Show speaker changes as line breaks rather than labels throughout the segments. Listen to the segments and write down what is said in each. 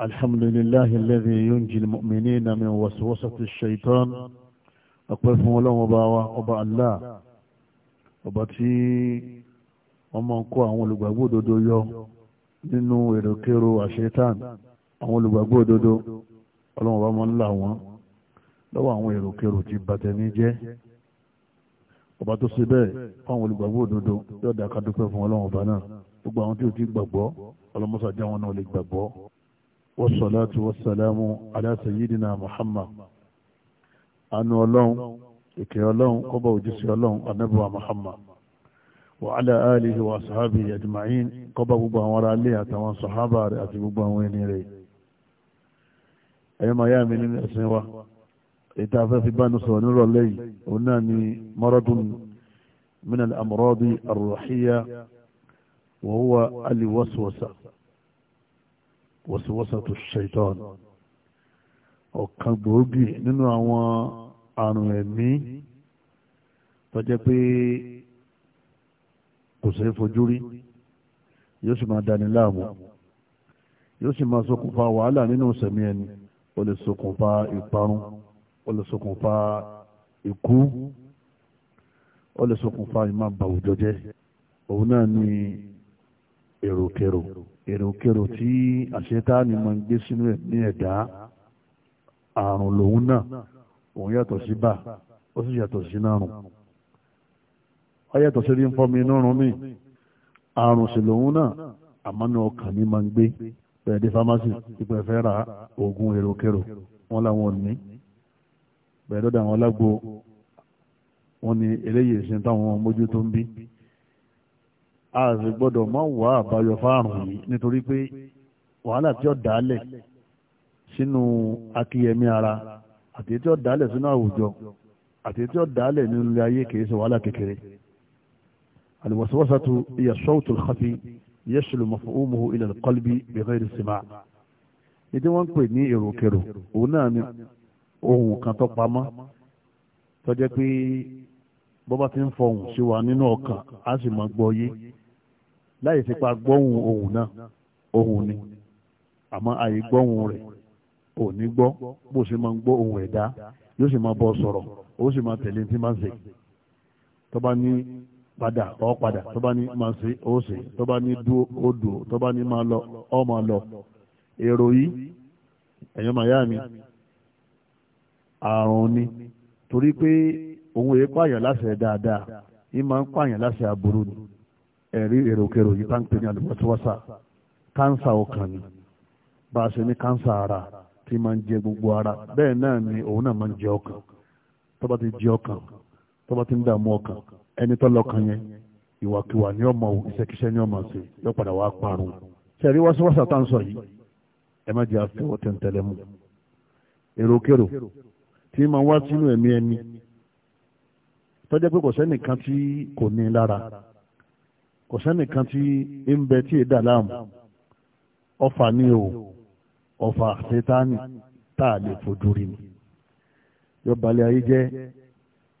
الحمد لله الذي ينجي المؤمنين من وسوسة الشيطان أقول فهم لهم أبا أبا الله أبا تي وما نكو أقول بابود دو يو nínú èròkérò àṣetán àwọn olùgbàgbọ́ òdodo ọlọ́run bá máa ń là wọ́n lọ́wọ́ àwọn èròkérò ti bàtẹ́ni jẹ́ ọba tó ṣe bẹ́ẹ̀ fáwọn olùgbàgbọ́ òdodo yóò dá ká dúpẹ́ fún ọlọ́run ọba náà gbogbo àwọn tí ò ti gbàgbọ́ ọlọ́mọ́sàájá wọn náà lè gbàgbọ́ والصلاة والسلام على سيدنا محمد أن ولون إكي ولون قبو جسي ولون النبوة محمد وعلى آله وأصحابه أجمعين قبو بها وراء لها توان صحابة أتبو بها وين إليه أيما يامي من أسنوة إتعفى في بانو سوانير الليل وناني مرض من الأمراض الروحية وهو الوسوسة wọ́sowọ́sọ́tò ṣaitan ọ̀kan gbòógì nínú àwọn àrùn ẹ̀mí tó jẹ́ pé kò ṣeé fojú rí yóò sì máa dani láàmú yóò sì máa ṣokùnfà wàhálà nínú ìṣẹ̀mí ẹni ó lè ṣokùnfà ìparun ó lè ṣokùnfà ikú ó lè ṣokùnfà ìmáàbàwùjọ jẹ́ òun náà ni èròkèrò èròkèrò tí àṣetáni máa ń gbé sínú ẹ̀ ní ẹ̀dá àrùn lòun náà òun yàtọ̀ sí bá ó sì yàtọ̀ sí nárùn ó yàtọ̀ sí rí ń fọmi inú rún mi àrùn sì lòun náà àmọ́nú ọkàn ní máa ń gbé pẹ̀lú fámásì ìpẹ́ fẹ́ ra oògùn èròkèrò wọn làwọn ò ní pẹ̀lú dàwọn lágbo wọn ni eléyìí ìsìn táwọn mójútó ń bí a sì gbọ́dọ̀ mọ́ wà àbáyọ fáàrùn yìí nítorí pé wàhálà tí ó dálẹ̀ sínú akíyẹmí ara àti tí ó dálẹ̀ sínú àwùjọ àti tí ó dálẹ̀ nínú ilé ayé kìí ṣe wàhálà kékeré alwaswasatu iya sọ́ọ̀tù khafi yẹ́sùlù maf'umuhu ila alqalbi bighayri sima' ìdí wọ́n ń pè ní èròkèrò òun náà ni ohun kan tó pamọ́ tó jẹ́ pé bọ́bá ti ń fọhùn sí wa nínú ọkàn á sì máa gbọ́ yé láì fi pa gbọ́hùn ohùn náà ohùn ni àmọ́ àyè gbọ́hùn rẹ̀ ò ní gbọ́ bó ṣe máa ń gbọ́ ohùn ẹ̀dá yóò máa sọ̀rọ̀ ó sì máa tẹ̀lé tí máa ń ṣe ní padà padà ní máa ṣe ó ṣe lọ máa lọ mi àrùn ni torí pé òun èé pààyàn láṣẹ dáadáa yìí máa ń pààyàn láṣẹ ni. ẹ̀rí èròkèrò yìí ní àlùwọ́síwọ́sà kánsà ọkàn ni bá a ṣe ní kánsà ara tí máa ń jẹ gbogbo ara bẹ́ẹ̀ náà ni òun náà máa ń jẹ ọkàn tó ti jẹ ọkàn tó ti ń dààmú ọkàn ẹni tó lọ́kàn yẹn ìwàkiwà ni ọmọ ìṣẹ́kíṣẹ́ ni ọmọ ṣe yóò padà wá parun ṣẹ̀rí wọ́síwọ́sà tá à ń sọ yìí ẹ má jẹ́ èròkèrò tí máa wá kò sẹ́nìkan tí ń bẹ tí èdè aláàmù ọfà ní o ọfà ṣetánì tá a lè fojú rí ni yóò balẹ̀ ayé jẹ́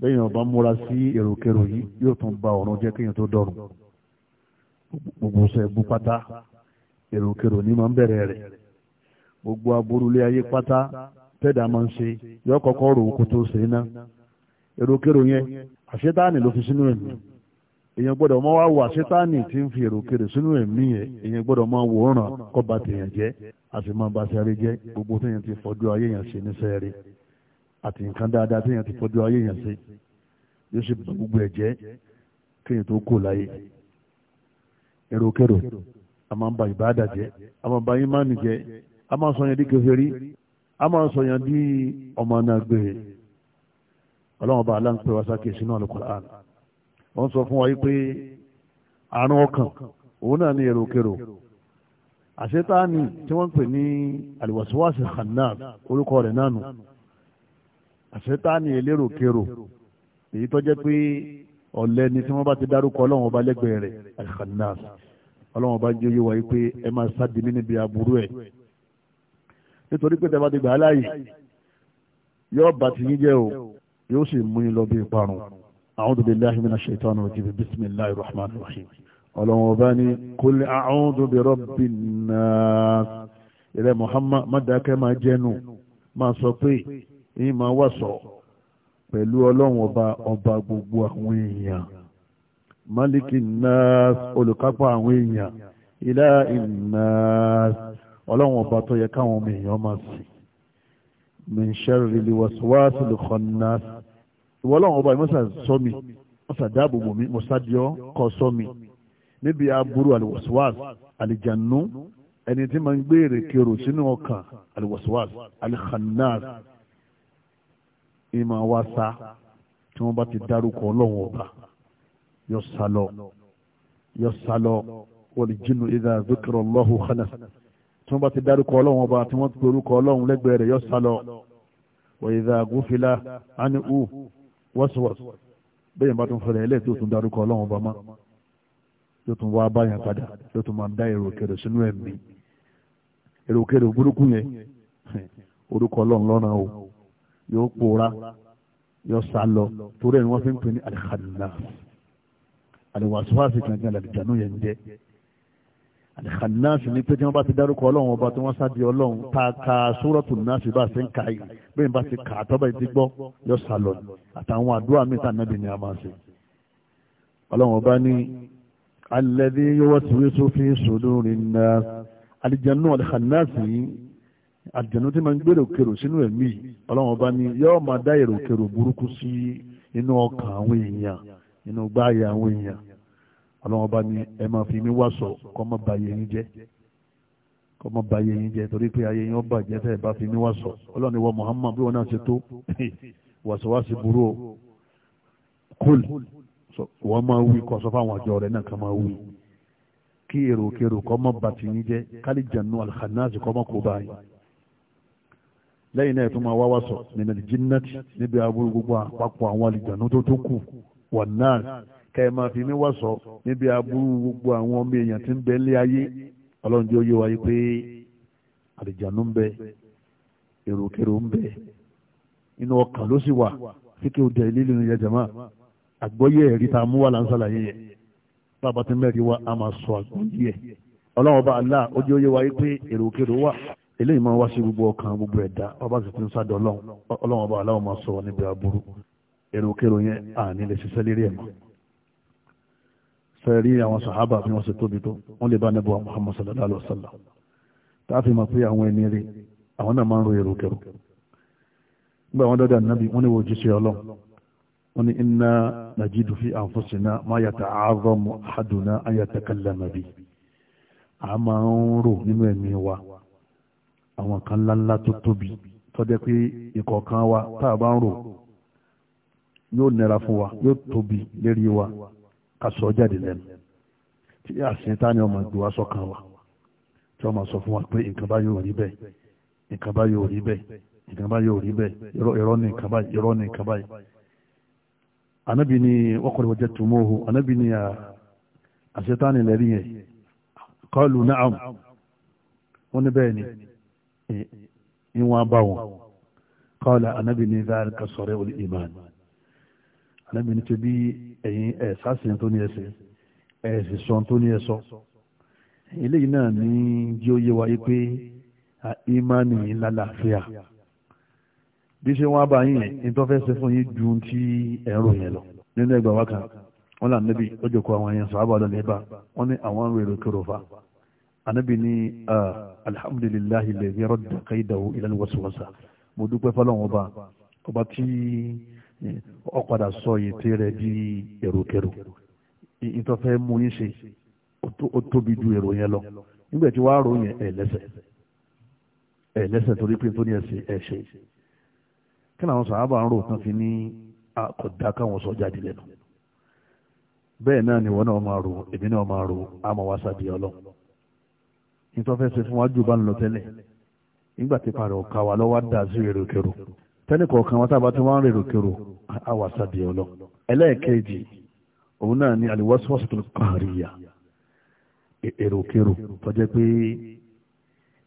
lẹ́yìn ọba múra sí èròkèrò yìí yóò tún ba ọ̀run jẹ́ kéèyàn tó dọ̀rùn gbogbo sẹ́ bú pátá èròkèrò ní máa ń bẹ̀rẹ̀ rẹ̀ gbogbo aburulé ayé pátá tẹ́dà máa ń ṣe yọ kọ́kọ́ rò ó kó tó ṣe é èròkèrò yẹn àṣetánì ló fi sínú ẹ̀mí èèyàn gbọ́dọ̀ mọ́ wá wà sítánì tí ń fi èrò kiri sínú ẹ̀mí yẹn èèyàn gbọ́dọ̀ mọ́ wòóràn kọ́ ba tèèyàn jẹ́ àti máa ba sẹ́rí jẹ́ gbogbo téèyàn ti fọjú ayé yẹn ṣe ní sẹ́rí àti nǹkan dáadáa téèyàn ti fọjú ayé yẹn ṣe yóò sì bá gbogbo ẹ̀ jẹ́ tó kò láyé èrò a máa ń ba ìbáàdà jẹ́ a máa ba ìmánì jẹ́ a máa sọ yẹn a máa sọ yẹn ọmọ náà wọ́n sọ fún wa yìí pé àrùn ọkàn òun náà ní èròkèrò àṣetáàní tí wọ́n ń pè ní àlùwàsíwàsí hanaf orúkọ rẹ̀ náà nù àṣetáàní eléròkèrò èyí tó jẹ́ pé ọ̀lẹ ni tí wọ́n bá ti dárúkọ ọlọ́run ọba lẹ́gbẹ̀ẹ́ rẹ̀ alhanaf ọlọ́run ọba jẹ́ yíwa yìí pé ẹ máa sáde níbi aburú ẹ̀ nítorí pé tẹ́lá ti gbà á láàyè yóò bá ti yín jẹ́ o yóò sì mú yín lọ bí ìparun. أعوذ بالله من الشيطان الرجيم بسم الله الرحمن الرحيم ọlọ́wọ́ bá كل أعوذ برب الناس إلى محمد ما Muhammad mọ́dákẹ́ máa jẹ́nu máa sọ pé yìí máa wà sọ pẹ̀lú ọlọ́run ọba ọba gbogbo àwọn èèyàn maliki nas olùkápá àwọn èèyàn ilahin nas ọlọ́run ọba tó yẹ káwọn èèyàn máa sìn min sharril waswasil khannas ìwọ ọlọ́run ọba ìmọ̀sà sọ mi mọ̀sà dáàbò bò mí mọ̀sà diọ́ kọ́ sọ mi níbi aburú aliwaswas alìjànú ẹni tí máa ń gbé èrèkèrò sínú ọkàn aliwaswas alìkhannas ìmọ̀ wa sa tí wọ́n bá ti dárúkọ ọlọ́run ọba yọ sálọ yọ sálọ wọlìjìnnú idha dhukira Allahu khannas tí wọ́n bá ti dárúkọ ọlọ́run ọba tí wọ́n ti pe orúkọ ọlọ́run yọ sálọ wa idha gufila anhu wọ́síwọ́sí bẹ́ẹ̀ bá tún fẹ́rẹ̀ ẹlẹ́tì ó tún darúkọ ọlọ́run ọba má yóò tún wá báyàn padà yóò tún máa dá èrò kèrè sínú ẹ̀mí èrò kèrè burúkú yẹn orúkọ ọlọ́run lọ́nà o yóò pòórá yóò sá lọ torí ẹ̀ ni wọ́n fi ń pè ní alihamdulilayi aliwasuwasi kankan làlìjánu yẹn jẹ́ alihannaasi ní pé tí wọ́n bá ti dárúkọ ọlọ́run ọba tí wọ́n sáà di ọlọ́run ta ka sórọ́tù náàsì bá ṣe ń ka yìí bẹ́ẹ̀ bá ti kà á tọ́ba yìí ti gbọ́ yọ sálọ àtàwọn àdúrà mi tàn nábì ni a máa ṣe. ọlọ́run ọba ní alladhi yuwaswisu fi sudurin nas alìjẹnú alihannaasi yìí alìjẹnú tí máa ń gbèrò kèrò sínú ẹ̀mí ọlọ́run ọba ní yọ́ọ́ ọlọ́wọ́n bá ní ẹ máa fi mí wá sọ kọ́ mọ́ ba yẹyin jẹ́ kọ́ mọ́ ba yẹyin jẹ́ torí pé ayé yẹn bà jẹ́ tẹ́ ẹ bá fi mí wá sọ ọlọ́ni wọ Muhammad bí wọn náà ṣe tó wàṣíwàṣí burú o kúl wọ́n máa wí kọ́ sọ fáwọn àjọ rẹ̀ náà kàn máa wí kí èrò kérò kọ́ mọ́ ti yín jẹ́ kálí jẹ̀nu alhannazi kọ́ mọ́ kó báyìí lẹ́yìn náà ẹ̀ tún máa wá wá sọ nínú jinnati níbi aburú gbogbo àpapọ̀ àwọn àlìjànú tó tó kù wà kẹ́ ẹ máa fi mí wọ̀sọ̀ níbi aburú gbogbo àwọn ọmọ èèyàn tí ń bẹ lé ayé ọlọ́run jẹ́ oyé wáyé pé àlìjánu ń bẹ èròkèrò ń bẹ inú ọkàn ló sì wà fíkì òde ìlílù ní jẹjẹmọ́ àgbọ́yé ẹ̀rí tá a mú wà lánsàlà yẹn yẹn bàbá tí mẹ́rin wa a máa sọ àgbọ́yé ẹ̀ ọlọ́run bá aláà ó jẹ́ oyé wáyé pé èròkèrò wà eléyìí máa wá sí gbogbo ọkàn gbogbo ẹ̀dá ọba sì ti ń sádọ̀ ọlọ́run ọlọ́run bá aláà máa sọ níbi aburú èròkèrò yẹn à nílẹ̀ ṣiṣẹ́ lérí ẹ̀ mọ́ fẹ́ rí àwọn sàhábà bí wọ́n ṣe tóbi tó wọ́n lè bá nẹ́bọ̀ Muhammad sallallahu alaihi wasallam tá a fi mọ̀ pé àwọn ẹni rí àwọn náà máa ń ro èrò kẹrù nígbà wọn dọ́dọ̀ nàbí wọ́n ní wo jíṣẹ́ ọlọ́run wọ́n ní inna najidu fi anfusina ma yata'azzamu ahaduna an yatakallama bi a máa ń rò nínú ẹ̀mí wa àwọn kan ńláńlá tó tóbi tọ́jẹ́ pé ìkọ̀ọ̀kan wa tá a bá ń rò yóò nira fún wa yóò tóbi lérí wa ká sọ jáde lẹ́nu tí àṣìn tá ni ọmọ ìgbé wa sọ́kàn wa tí wọ́n máa sọ fún wa pé nǹkan bá yóò rí bẹ́ẹ̀ nǹkan bá yóò rí bẹ́ẹ̀ nǹkan bá yóò rí bẹ́ẹ̀ irọ́ ni nǹkan báyìí irọ́ ni nǹkan báyìí. anabi ni waqad wajadtumuhu anabi ni ah, àṣetánì lẹ́rí yẹn qalu na'am wọ́n ní bẹ́ẹ̀ ni ìwọ̀n abáwọn qala anabi ni dhalika sar'ul iman ànábì ní ti bí ẹ̀yin ẹ̀sásìn tó ní ẹsẹ̀ ẹ̀sìn sọ tó ní ẹsọ eléyìí náà ní jí ó yé wáyé pé ìmánì ńlá làáfíà bí ṣe wọ́n bá yín yẹn ní tó fẹ́ ṣe fún yín ju ti ẹ̀rọ yẹn lọ nínú ẹgbàá wákàn wọn là níbi ó jókòó àwọn èèyàn sọ̀rọ̀ àbàdàn lẹ́bà wọn ní àwọn rèrò kúrò fa ànábì ní alhamdulillahi lè yẹrọ dàkẹ́ ìdáwó ìlànà wọ́sowọ́sà mo dúpẹ́ fọlọ́wọ́n ọba ọba tí ọ padà sọ ètè rẹ di èròkèrò ìtọ́fẹ́ mú yín ṣe ó tóbi ju èrò yẹn lọ nígbà tí wàá rò yẹn ẹ̀ torí pé tó ní ẹ̀sìn ẹ̀ kí làwọn sàábà ń rò tán fi ní àkọ́dá káwọn sọ jáde lẹ́nu bẹ́ẹ̀ náà ni wọ́n náà máa rò èmi náà máa rò àmọ́ wá sábì ọlọ́run nítorí fẹ́ ṣe fún wájú bá ń lọ tẹ́lẹ̀ nígbà tí parẹ́ ọ̀ka wa lọ́wọ́ dà sí èròkèrò tẹ́lẹ̀ kọ̀ọ̀kan wọn tábà tí wọ́n ń rèrò kérò àwàsàbí ọlọ ẹlẹ́ẹ̀kejì òun náà ni àlùwọ́sọ́sọ́ tó kàríyà èrò kérò tó jẹ́ pé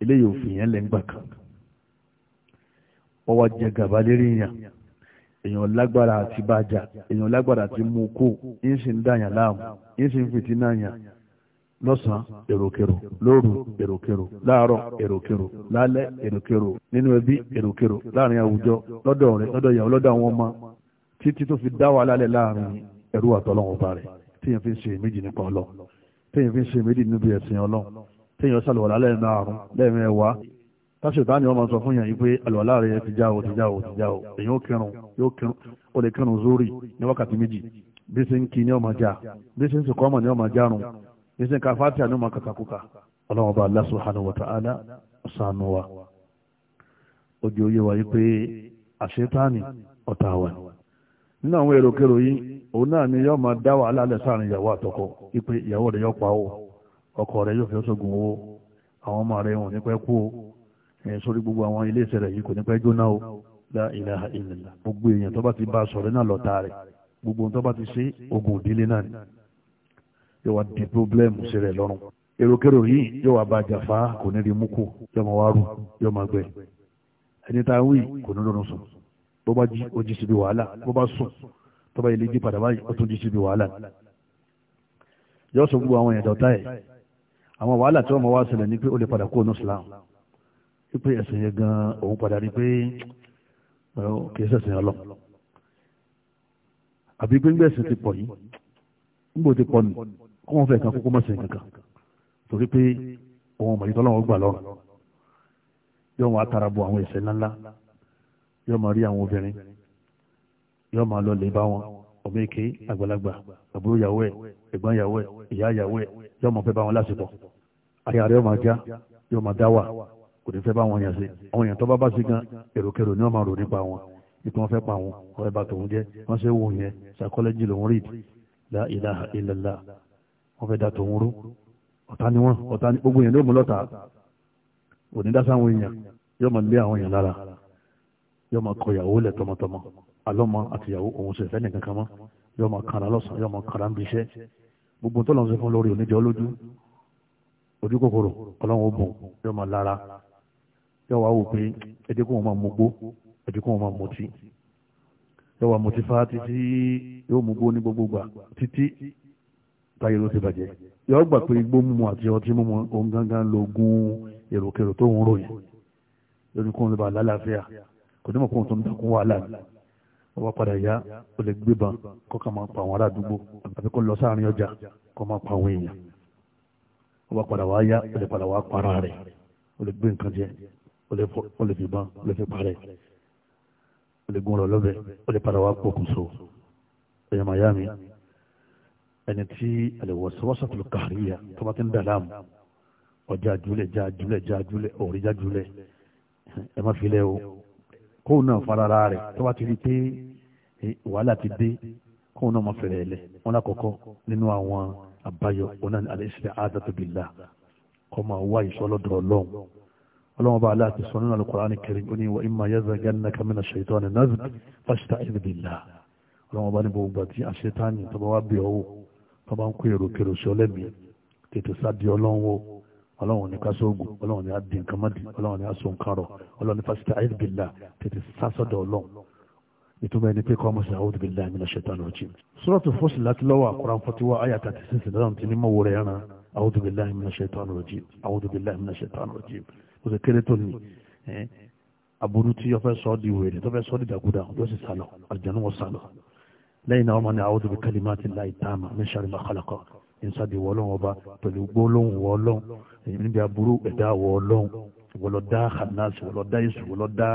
eléyìí òfin yẹn lẹ́ ń gbà kan jẹ gàba lérí yàn èèyàn lágbára àti bàjá èèyàn lágbára àti mú kó yín sì ń dàyàn láàmú yín sì ń fìtínà yàn lọ́sàn èròkèrò lóru èròkèrò láàárọ̀ èròkèrò lálẹ́ èròkèrò nínú ẹbí èròkèrò láàrin àwùjọ lọ́dọ̀ rẹ̀ lọ́dọ̀ ìyàwó lọ́dọ̀ àwọn ọmọ títí tó fi dá wàhálà láàrin ẹrú téèyàn fi ń ṣe méjì nípa téèyàn fi ń ṣe méjì níbi ẹ̀sìn téèyàn àrùn lẹ́ẹ̀mẹ́wàá máa sọ fún yàn yìí pé ti já o ti já o ti já o ó yóò ó lè zórí ní wákàtí méjì bí ṣe ń kí ni já bí ṣe ń ọmọ ni yìí ka fàtí àná ma kàkàkùkà ọlọ́run ọba Allah subhanahu wa ta'ala ọ̀sánú wa pe a wa yìí pé àṣetáni ọ̀tá wa ni nínú àwọn èrò ni yóò máa dá wàhálà ipe ìyàwó rẹ̀ yóò pa ọkọ rẹ̀ yóò fi ṣoògùn o o la ilaha illallah gbogbo ogun na. yóò wá di pírọ́blẹ́mù sí rẹ̀ lọ́rùn èròkérò yìí yóò wá bá jàfá kò ní rí mú kù yóò máa wá rù yóò máa gbẹ ẹni tá a wí kò ní lọ́rùn sùn bó bá jí ó jí síbi wàhálà bó bá sùn tó bá ilé jí padà báyìí ó tún jí síbi wàhálà yóò sọ gbogbo àwọn ẹ̀dọ̀ táyẹ̀ àwọn wàhálà tí wọ́n mọ̀ wá sílẹ̀ ní pé ó lè padà kó onú Islam wípé ẹ̀sìn yẹn gan òun padà rí pé kìí ṣẹ̀sìn ọlọ́ àbí gbẹ́ngbẹ́sìn ti pọ̀ yìí ń ti pọ̀ nù kó wọn fẹ́ kan kókó mọ̀ sí kankan torí pé òun mọ̀lẹ́tọ́ lọ́wọ́ gbà lọ́rùn yóò máa tara bo àwọn ẹ̀ṣẹ̀ ńláńlá yóò máa rí àwọn obìnrin yóò máa lọ lè bá wọn ọmọ èké àgbàlagbà àbúrò yàwó ẹ ẹ̀gbọ́n yàwó ẹ ìyá yàwó ẹ yóò máa fẹ́ bá wọn lásìkò ayé àrẹ yóò máa já yóò máa dá wà kò ní fẹ́ bá wọn yàn sí àwọn èèyàn tó bá bá sí gan èròkèrò ni wọ́n máa rò nípa wọn ikú wọn fẹ́ pa wọn ọ̀rẹ́ bá tòun jẹ́ wọ́n ṣe wò yẹn psychology lòun read la ilaha illallah wọ́n fẹ́ da tòun rú ọ̀tá ni wọ́n ọ̀tá ni gbogbo èèyàn ló mú lọ́ta onídàásá àwọn èèyàn yóò máa lé àwọn èèyàn lára yóò máa kọ ìyàwó lẹ̀ tọmọtọmọ alọ́mọ àti ìyàwó òun sì fẹ́ nìkan kan mọ́ yóò máa kàrà lọ́sàn-án yóò máa kàrà ń bí iṣẹ́ gbogbo tó lọ́n ṣe fún lórí oníjọ́ lójú ojú kòkòrò ọlọ́run ogun yóò máa lára yóò wá wò pé ẹdínkù wọn máa mugbó ẹdínkù wọn máa mutí yóò wá mutí fáá títí yóò mugbó ní gbogbo gbà títí táyé ló ti bàjẹ́ yọ gbà pé igbó mímu àti ọtí mímu òun gangan ló èròkèrò tó ń ròyìn lórí kóun lálàáfíà kò ní mọ̀ kóun tó ń dákún wàhálà ni wọ́n bá padà yá ó lè gbébọn kó kà máa pa àwọn ará àdúgbò àbí kó lọ sáàrin ọjà kó máa pa àwọn èèyàn wọ́n bá padà wá yá ó lè padà wá para rẹ̀ ó lè gbé nǹkan jẹ ó lè fìbọn ó lè fi parẹ́ ó lè gún ọ lọ́bẹ̀ ó lè padà wá pokùnso ẹ̀yàn mi ẹni tí àlèwọ̀sowọ́sọ̀tò kàríyà tó bá ti ń dàlám ọjà júlẹ̀ já júlẹ̀ já júlẹ̀ òrí já júlẹ̀ ẹ má filẹ̀ o kóun náà farara rẹ̀ tó bá ti rí pé eh, wàhálà ti dé kóun náà má fẹ̀rẹ̀ ẹ̀lẹ̀ wọn lákọ̀ọ́kọ́ nínú àwọn àbáyọ ọ̀nà àlẹ́sẹ̀ àdàtòbìlà kọ́ máa wá ìṣọ́lọ́dọ̀ ọlọ́run ọlọ́run bá aláàtì sọ nínú Al-Qur'ani tó bá ń kó èrò kèrò sí ọlẹ́mí tètè sáde ọlọ́run wo ọlọ́run ní kásóògùn ọlọ́run ní adì nǹkan mọ́dì ọlọ́run ní asòǹkarọ̀ ọlọ́run ní fásitì ayélujára tètè sásọ̀dọ̀ ọlọ́run ìtumọ̀ ẹni pé kọ́ ọmọ sàáwó ti bìlá ẹ̀mí lọ́sẹ̀ tán lọ́jì. sọ́rọ́tù fọ́sì láti lọ́wọ́ àkùrán fọ́tíwá àyà tàti sísè lọ́dọ̀ tí ní mọ̀wó rẹ̀ ẹ̀ràn àwòdù bìlá ẹ̀mí lọ́sẹ̀ tán lọ́jì àwòdù bìlá ẹ̀mí lọ́sẹ̀ tán lọ́jì. o ṣe kéré tó ní aburú tí ó fẹ́ sọ ọ́ di wèrè tó fẹ́ sọ ọ́ di dàgúdà ó sì sálọ àjẹnú wọn sálọ lẹ́yìn náà ọmọ ni a'udhu bi kalimati llahi taama min sharri ma khalaqa ìsàdì wọlọ́n ọba pẹ̀lú gbólóhùn wọlọ́n èyí níbi aburú ẹ̀dá wọlọ́n wọlọ́dá hanas wọlọ́dá yusuf wọlọ́dá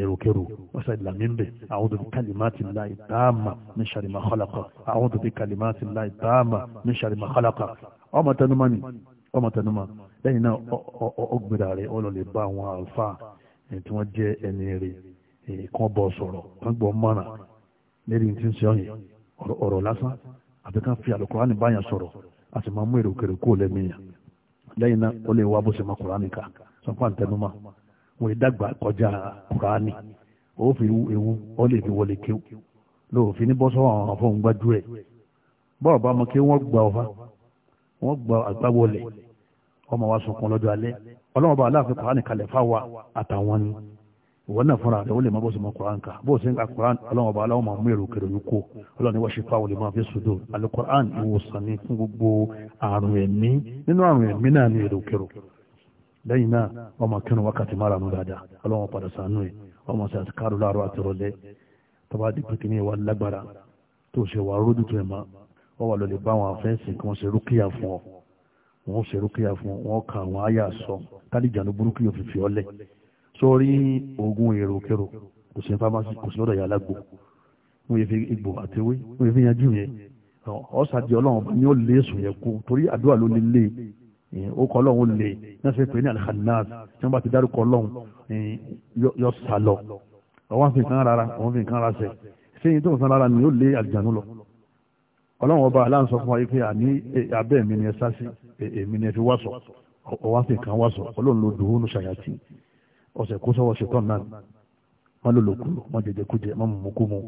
èròkèrò wọ́sàdì làmínbẹ̀ a'udhu bi kalimati llahi taama min sharri ma khalaqa a'udhu bi kalimati llahi taama min sharri ma khalaqa ọmọ tẹnumọ́ ni ọmọ tẹnumọ́ lẹ́yìn náà ọgbìnrin rẹ̀ ọlọ́lẹ̀ bá àwọn àlùfáà tí wọ́n jẹ́ ẹni rẹ̀ kán lérí tí ń sọyìn ọ̀rọ̀ lásán àti ká fi àlùkùránì báyàn sọ̀rọ̀ a sì máa mú èrè òkèrè kó lẹ́mìíyàn lẹ́yìn náà ó lè wá bó ṣe máa kùránì ká sọ́pà ntẹnumọ́ wọn ì dàgbà kọjá kùránì ó fi ewu ó lè fi wọlé kéw lóòfin ní bọ́sọ̀ àwọn afọ́n gbájú ẹ̀ bọ́ọ̀ bá mọ kí wọ́n gba ọ̀fà wọ́n gba àgbáwọlẹ̀ ọmọ wa sunkún lọ́jọ́ alẹ́ ọlọ́mọba aláàfin kùránì kalẹ̀ fáwa àtàwọn ni ìwọ náà fúnra rẹ̀ ó lè má bó ka koran ọlọ́run ọba aláwọ̀ máa mú èrò kèrò yìí kó ọlọ́run ní wọ́n ṣe fáwọn lè máa fi sùdó alukoran ìwòsàn ni fún gbogbo àrùn ẹ̀mí nínú àrùn ẹ̀mí náà ní èrò kèrò lẹ́yìn náà wọ́n máa kírun mara nù dáadáa ọlọ́run padà sànú ẹ̀ wọ́n máa ṣe àtikárò láàárọ̀ àtẹ̀rọ̀lẹ́ tó bá di pínpín ìwà lágbára tó ṣe wà rójú tó ẹ̀ má wọ́n wà lọ́lẹ̀ bá àwọn afẹ́ǹsì kí wọ́n ṣe rúkìá fún ọ wọ́n ṣe rúkìá fún ọ ka àwọn àyà sọ kálíjà ní burúkú yóò fi fi ọ́ sórí oògùn èròkèrò kò sí fámásì kò sí lọ́dọ̀ ìyá alágbò wọ́n yẹ fi egbò àtẹwé wọ́n yẹ fi yanjú yẹn ọ̀sàdì ọlọ́run ni ó lé èso yẹn kú torí àdúrà ló lè lé ó kọ́ ọlọ́run lè náà ṣe pé ní alhannas tí wọ́n bá ti dárúkọ ọlọ́run yọ sá lọ ọwọ́n fi nǹkan rárá ọwọ́n fi nǹkan rárá sẹ ṣé yín tó nǹkan rárá ni ó lé àlùjànnú lọ ọlọ́run ọba aláǹsọ fún wa yìí pé àní abẹ́ mi ni ẹ sá sí èmi ni ẹ fi wá sọ ọwọ́n fi nǹkan wá sọ ọlọ́run ló dùn ún ṣàyàtì ọ̀sẹ̀ kó sọ́wọ́ ṣetán náà má lòlòkù má jẹjẹkújẹ má mọ̀mọ́kúmu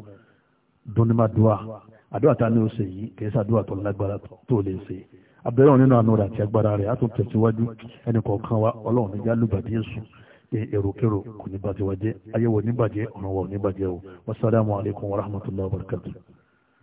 dúnnímàdúà àdúrà tá a ní oṣù yìí kìí ṣàdúrà tó lágbára tó lè ṣe abẹ́rẹ́ òun nínú àánú rẹ̀ àti agbára rẹ̀ á tún tẹ̀síwájú ẹnì kọ̀ọ̀kan wa ọlọ́run níjà lùbàdí èṣù èròkérò kò ní bàjẹ́ ayẹwo ní bàjẹ́ ọ̀ràn wa ò ní bàjẹ́ o wasalaamualeykum wa rahmatulahi wa barakatuh.